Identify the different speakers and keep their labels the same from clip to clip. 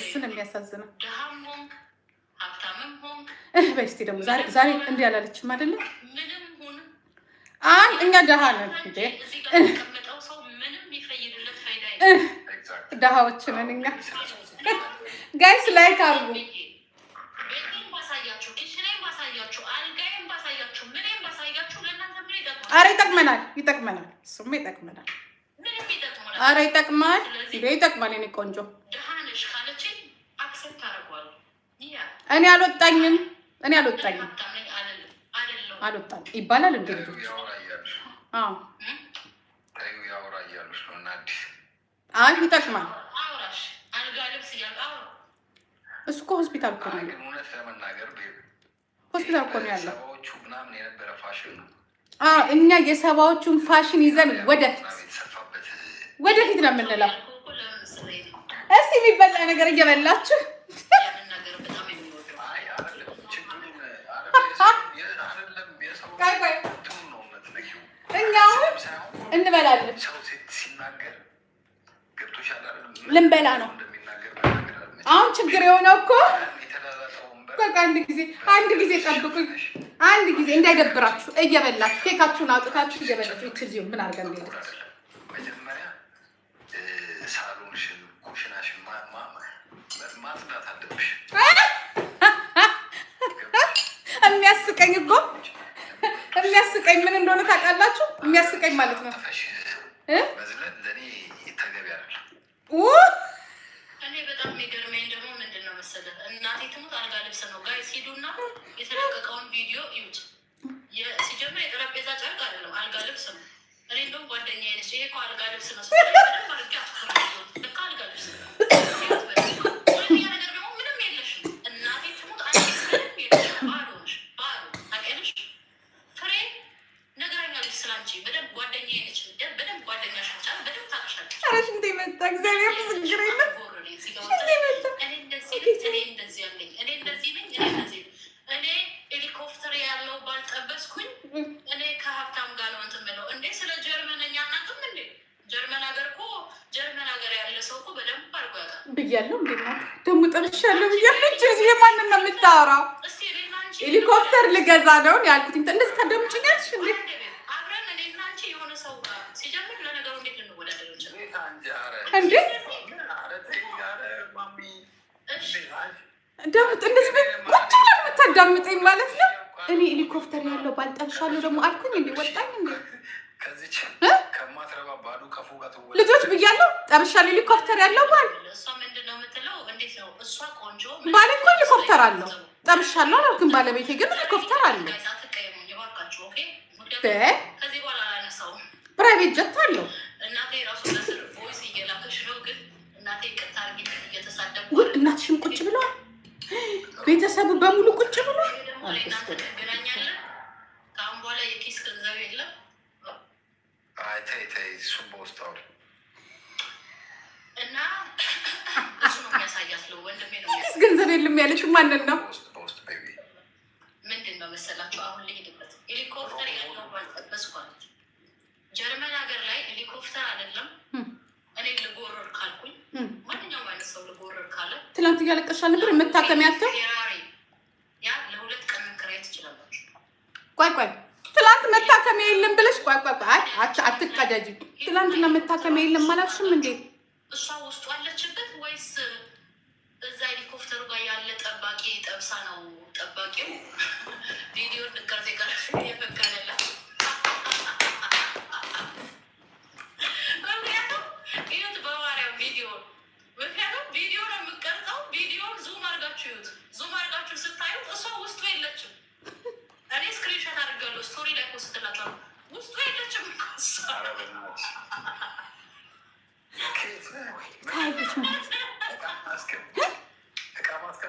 Speaker 1: እሱን የሚያሳዝነው። በስቲ ደግሞ ዛሬ እንዲ ያላለችም አደለ አይ እኛ ደሃ ነን እንዴ? ደሃዎች ነን እኛ። ጋይስ ላይክ አድርጉ። አረ ይጠቅመናል፣ ይጠቅመናል፣ እሱማ ይጠቅመናል። አረ ይጠቅማል፣ ይጠቅማል የኔ ቆንጆ እኔ አልወጣኝም፣ እኔ አልወጣኝም፣ አልወጣም ይባላል እንደ ልጆች አይ ይጠቅማል። እሱ እኮ ሆስፒታል እኮ ነው ሆስፒታል እኮ ነው ያለው። እኛ የሰባዎቹን ፋሽን ይዘን ወደፊት ወደፊት ነው የምንለው። እስኪ የሚበላ ነገር እየበላችሁ እንበላለን። ሲናገር ልንበላ ነው አሁን ችግር የሆነው እኮ በቃ አንድ ጊዜ አንድ ጊዜ ጠብቁኝ፣ አንድ ጊዜ እንዳይደብራችሁ እየበላችሁ ኬካችሁን አውጥታችሁ እየበላችሁ ይችል ዚሁ ምን አድርገን ሄደ የሚያስቀኝ እኮ የሚያስቀኝ ምን እንደሆነ ታውቃላችሁ? የሚያስቀኝ ማለት ነው
Speaker 2: በጣም አልጋ ልብስ ነው ቪዲዮ የጠረጴዛ ጨርቅ አይደለም አልጋ ልብስ ነው። እኔ እንደውም ጓደኛዬ ነች ይሄ እኮ አልጋ ልብስ ነው በደንብ አድርጌ ልብስ ነው
Speaker 1: ጨርሻለሁ ብያለች። እዚህ ማንን ነው የምታወራው? ሄሊኮፕተር ልገዛ ነው ያልኩት። እንደዚህ ታደምጭኛለሽ እንዴ? እንደዚህ ቁጭ ብለን የምታዳምጠኝ ማለት ነው። እኔ ሄሊኮፕተር ያለው ባልጠብሻለሁ ደግሞ አልኩኝ። እንዲ ወጣኝ እንዴ? ልጆች ብያለሁ። ጠብሻለሁ ሄሊኮፕተር ያለው ባል ባለ እኮ ሄሊኮፕተር አለው። ጠብሻለሁ አላልክም። ባለቤቴ ግን ሄሊኮፕተር አለው፣ ፕራይቬት ጀት አለው። እናትሽም ቁጭ ብለዋል። ቤተሰቡ በሙሉ ቁጭ ብሏል።
Speaker 2: በኋላ የኪስ ገንዘብ የለም።
Speaker 3: አይ ተይ በውስጥ አውሪ
Speaker 1: አዲስ ገንዘብ የለም ያለች ማንን ነው?
Speaker 2: ምንድን ነው መሰላችሁ? አሁን ልሄድበት ሄሊኮፕተር ያለው ባልጠበስ ጀርመን ሀገር ላይ ሄሊኮፕተር አይደለም። እኔ ልጎረር ካልኩኝ ማንኛውም አይነት ሰው ልጎረር ካለ
Speaker 1: ትናንት እያለቀሻል ነበር። የምታከሚያቸው
Speaker 2: ያ ለሁለት ቀን መከራየት ትችላላችሁ።
Speaker 1: ቆይ ቆይ ትላንት መታከሚያ የለም ብለሽ ቆይ ቆይ ቆይ አትቀዳጅ። ትላንትና መታከሚያ የለም አላልሽም እንዴ?
Speaker 2: እሷ ውስጡ አለችበት ወይስ በዛ ሄሊኮፕተሩ ጋር ያለ ጠባቂ ጠብሳ ነው። ጠባቂው ቪዲዮ ንጋዜ ጋር የመጋለላ ምክንያቱም ይዩት ዙም አድርጋችሁ አድርጋችሁ ስታዩት እሷ ውስጡ የለችም። እኔ ስቶሪ ላይ ውስጡ የለችም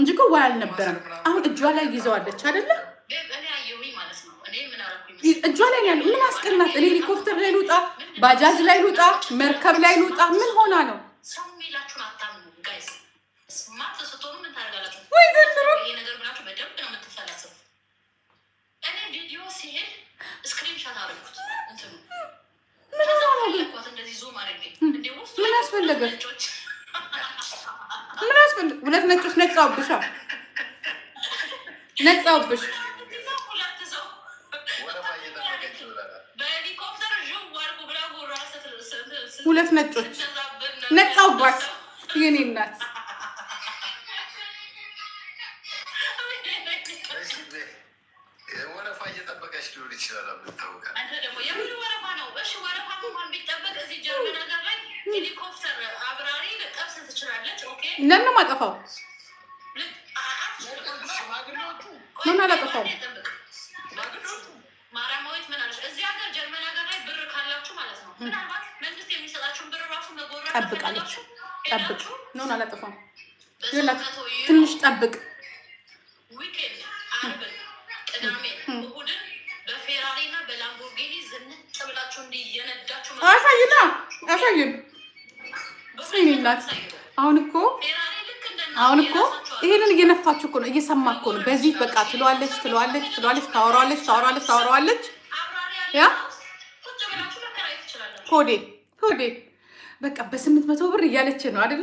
Speaker 1: እንጂ እኮ ወይ አልነበረም። አሁን እጇ ላይ ይዘዋለች አይደለ? እጇ ላይ ያለ ምን አስቀናት? እኔ ሄሊኮፕተር ላይ ልውጣ፣ ባጃጅ ላይ ልውጣ፣ መርከብ ላይ ልውጣ፣ ምን ሆና ነው? ምን አስፈለገች? ሁለት ነጮች ነጻውብሽ፣ ነጻውብሽ። ሁለት ነጮች ነጻውባት። የኔ እናት
Speaker 3: ወረፋ እየጠበቀች ሊሆን ይችላል።
Speaker 1: ለምን ነው የማጠፋው? ምን አላጠፋው?
Speaker 2: ጀርመን ሀገር ላይ ብር ካላችሁ ማለት ነው ምናልባት ብር ራሱ መጎራ ጠብቃለች።
Speaker 1: ጠብቅ ነውን አላጠፋም። ትንሽ ጠብቅ። አሳይና አሳይን ጽኒላት አሁን እኮ አሁን እኮ ይሄንን እየነፋችሁ እኮ ነው፣ እየሰማ እኮ ነው። በዚህ በቃ ትለዋለች ትለዋለች ትለዋለች፣ ታወራዋለች ታወራዋለች ታወራዋለች። ያ ኮዴ ኮዴ በቃ በስምንት መቶ ብር እያለች ነው አይደል?